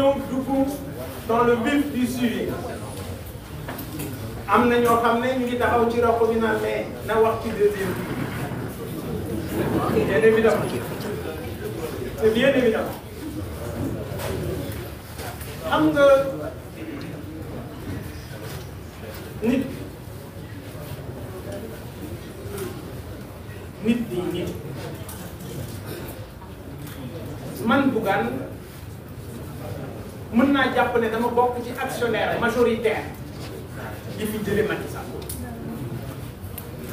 ñëw dugg dans le vif du sujet am na ñoo xam ne ñu ngi taxaw ci roq bi naan mais na wax ci deuxième bi bien évidemment c'est bien évidemment xam nga nit ne dama bokk ci actionnaire majoritaire yi fi jëlee Macky Sall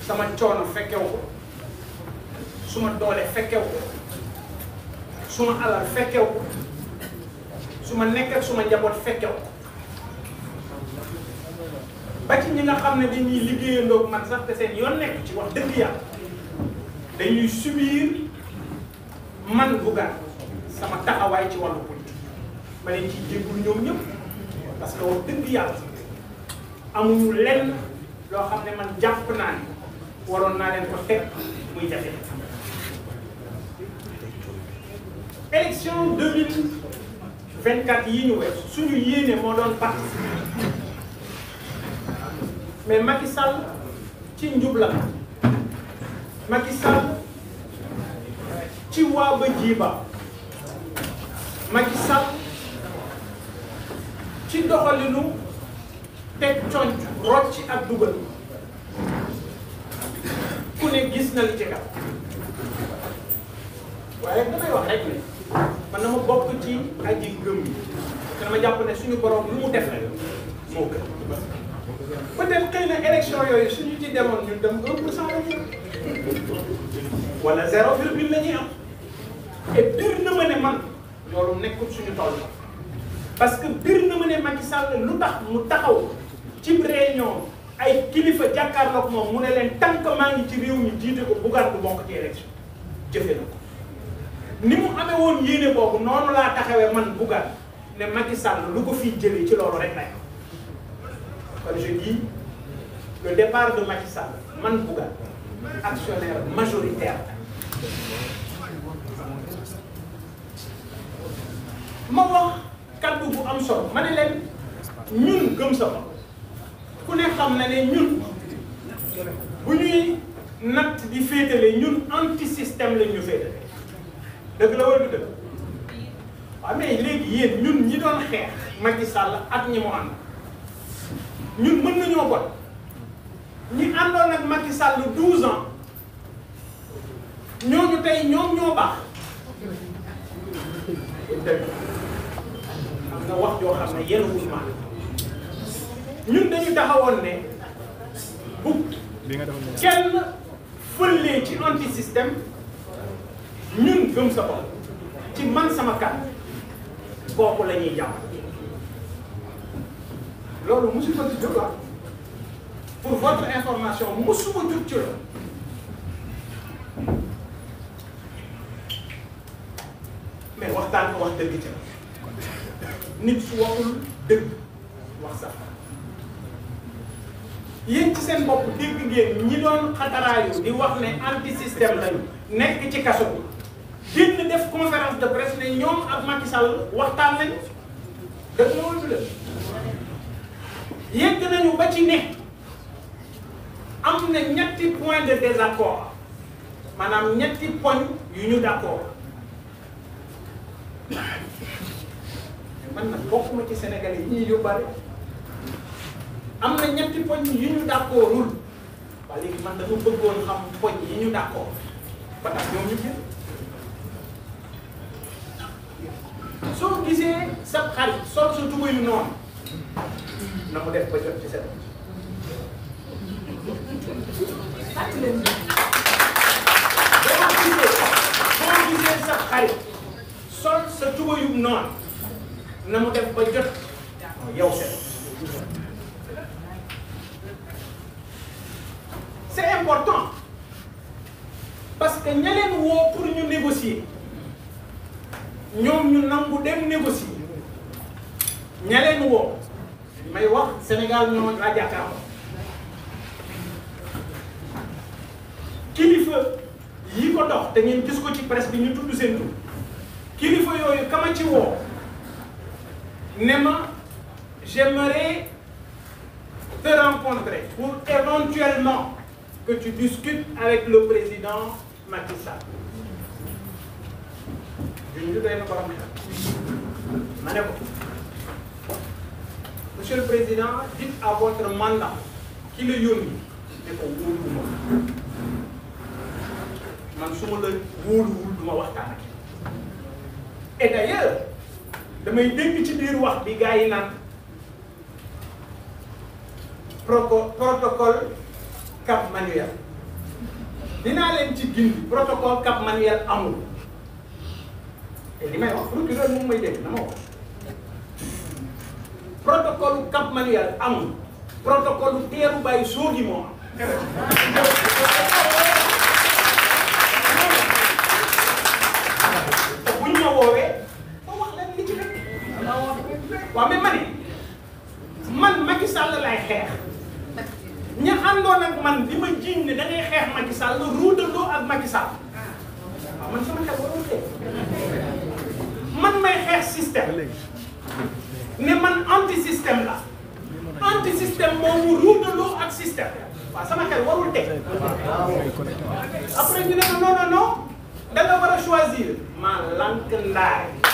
sama coono fekkew ko suma doole fekkew ko suma alal fekkew ko suma nekk ak suma njaboot fekkew ko ba ci ñi nga xam ne dañuy liggéeyandoog man sax te seen yoon nekk ci wax dëgg yàlla dañuy subir man Bougane sama taxawaay ci wàllu politique ma leen ciy jégalu parce que wax dëgg yàlla amuñu lenn loo xam ne man jàpp naa ne waroon naa leen ko teg muy jafe. élection deux vingt quatre yi ñu wees suñu yéene moo doon participer mais Macky ci njubla Macky Sall ci waa ba jiiba Macky ci doxalinu teg coñ rocc ak dugal ku gis na li ci kaw waaye damay wax rek ne man dama bokk ci aji gëm yi te dama jàpp ne suñu borom lu mu def rek moo gën peut-être xëy na élection yooyu suñu ci demoon ñun dem 1 pour cent la ñu wala zéro virgule la ñuy am et biir na ma ne man loolu nekkul suñu tool parce que bir na ma ne Macky Sall lu tax mu taxaw ci réunion ay kilifa jàkkaarloog moom mu ne leen tant que maa ci réew mi jiite ko Bougane du bokk ci élection jëfe ni mu amee woon yéene boobu noonu laa taxawee man Bougane ne Macky Sall lu ko fii ci loolu rek lay kon je dis le départ man Bougane actionnaire majoritaire ma wax kàddu bu am solo ma ne leen ñun gëm sa ku ne xam na ne ñun bu ñuy natt di féetale ñun anti système lañ ñu féetale dëgg la wala du dëgg waaw léegi yéen ñun ñi doon xeex Macky Sall ak ñi mu ànd ñun mën nañoo bon ñi àndoon ak Macky Sall 12 ans ñooñu tey ñoom ñoo baax. nga wax joo xam ne yéen wul ma ñun dañu taxawoon ne bu kenn fëllee ci anti système ñun gëm sa bopp ci man sama kàddu kooku la ñuy jàpp loolu mosu ko ci jóg ah. pour votre information mosu ko jóg ci loolu mais waxtaan ko wax dëgg ci la nit su waxul dëgg wax sax yéen ci seen bopp dégg ngeen ñi doon xataraayu di wax ne anti système lañu nekk ci kaso bi def conférence de presse ne ñoom ak Macky waxtaan nañu dëgg loolu la yegg nañu ba ci ne am na ñetti point de désaccord maanaam ñetti poñ yu ñu d'accord man nag bokk ci Sénégalais yi ñuy yóbbaale am na ñetti poñ yu ñu d'accordul waaye léegi man dama bëggoon am poñ yi ñu d'accord ba tax ñu yu noonu na mu def soo gisee sa xarit sol sa tubéy yu noonu na mu def ba jot yow set c'est important parce que ña leen woo pour ñu négocier ñoom ñu nangu dem négocier ña leen woo may wax Sénégal ñoo laa jàkkaarloo kilifa yi ko dox ci presse bi ñu tudd kilifa yooyu kama ci ne ma j'aimerais te pour éventuellement que tu discutes avec le président Macky Sall. junj doy na borom xel ma ko monsieur le président dites à votre mandat ki la yónni ne ko wóoluwuma man su ma la wóoluwul du ma waxtaan ak et d'ailleurs damay dégg ci biir wax bi gars yi naan proco protocole cap manuel dinaa leen ci gindi protocole cap manuel amul te li may wax procureur moom may dégg na ma wax protocole cap manuel amul protocole teeru bàyyi sóor moo laay xeex ña àndoon ak man di ma jiiñ ne da ngay xeex Macky Sall ruudaloo ak Macky Sall waaw man sama xel warul tee man may xeex système ne man anti système la anti système moomu ruudaloo ak système waaw sama xel warul tee après ñu ne non non non war a choisir ma lank ndaay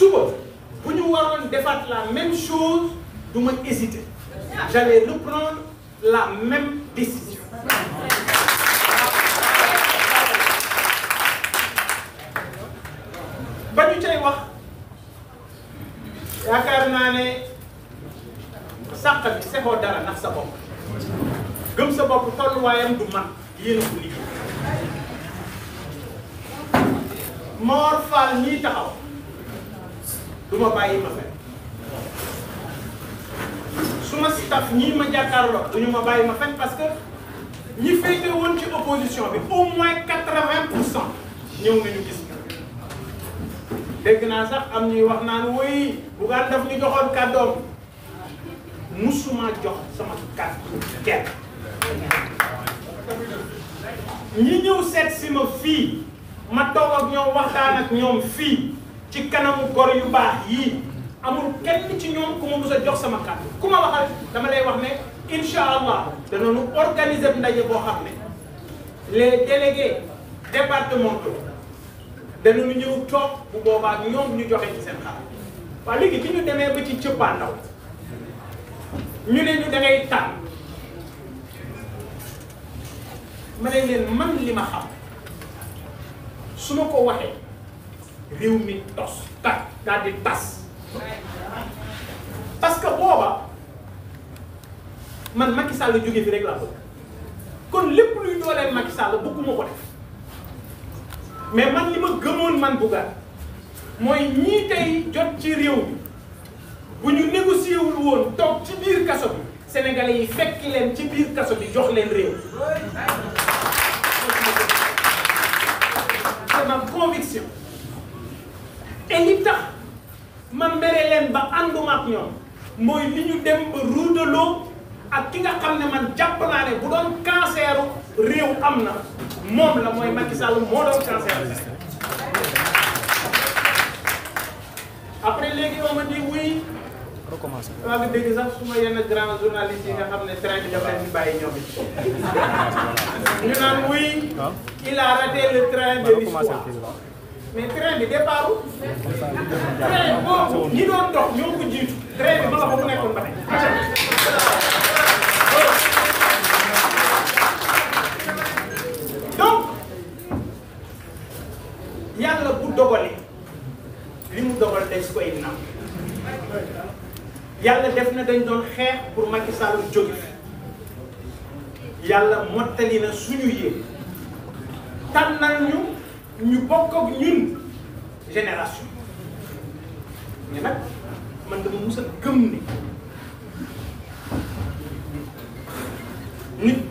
suba bu ñu waroon defaat la même chose du ma hésiter j'allais reprendre la même décision ba ñu cay wax yaakaar naa ne sàq bi sexoo dara ndax sa bopp gëm sa bopp tolluwaayam du man yéen a ko liggéey Mor Fall taxaw du ma bàyyi ma fen su ma staff ñii ma jàkkaarloo du ñu ma bàyyi ma fen parce que ñi féete woon ci opposition bi au moins quatre-vingt pour cent ñëw nañu gis dégg naa sax am ñuy wax naan woy Bougane daf ñu joxoon kàddoom musuma jox sama kàddu kenn ñi ñëw seet si ma fii ma toog ak ñoom waxtaan ak ñoom fii ci kanamu gor yu baax yii amul kenn ci ñoom ku ma mës jox sama kàddu ku ma waxal dama lay wax ne incha allah danañu organiser ndaje boo xam ne les délégués départementaux danañu ñëw toog bu boobaa ñoom ñu joxe ci seen xalaat waaw léegi ci ñu demee ba ci cëppaandaw ñu ne ñu da ngay tànn ma ne man li ma xam su ma ko waxee. réew mi tos tak daal di tas parce que booba man Macky Sall jógee fi rek laa bëgg kon lépp luy dooleel Macky Sall bëgguma ko def mais man li ma gëmoon man Bougane mooy ñii tey jot ci réew mi bu ñu négocié wul woon toog ci biir kaso bi sénégalais yi fekk leen ci biir kaso bi jox leen réew. c'est ma conviction. te li tax leen ba ànduma ñoom mooy li ñu dem ba ruutaloo ak ki nga xam ne man jàpp naa ne bu doon canceru réew am na moom la mooy Macky Sall moo doon cancer après léegi on m'a dit oui. nga dégg sax su ma yenn grand journaliste nga xam ne train bi dafay ñu bàyyi ñoom it. ñu naan oui. Ah. il a raté le train de l'histoire. mais train bi départ wu. train boobu ñi doon dox ko jiitu. train bi ma nga fa mu nekkoon ba tey. donc yàlla bu dogalee li mu dogal day su koy nam yàlla def na dañ doon xeex pour Macky Sall jóge fi yàlla na suñu ñu bokk ak ñun génération mais nag man dama mus a gëm ni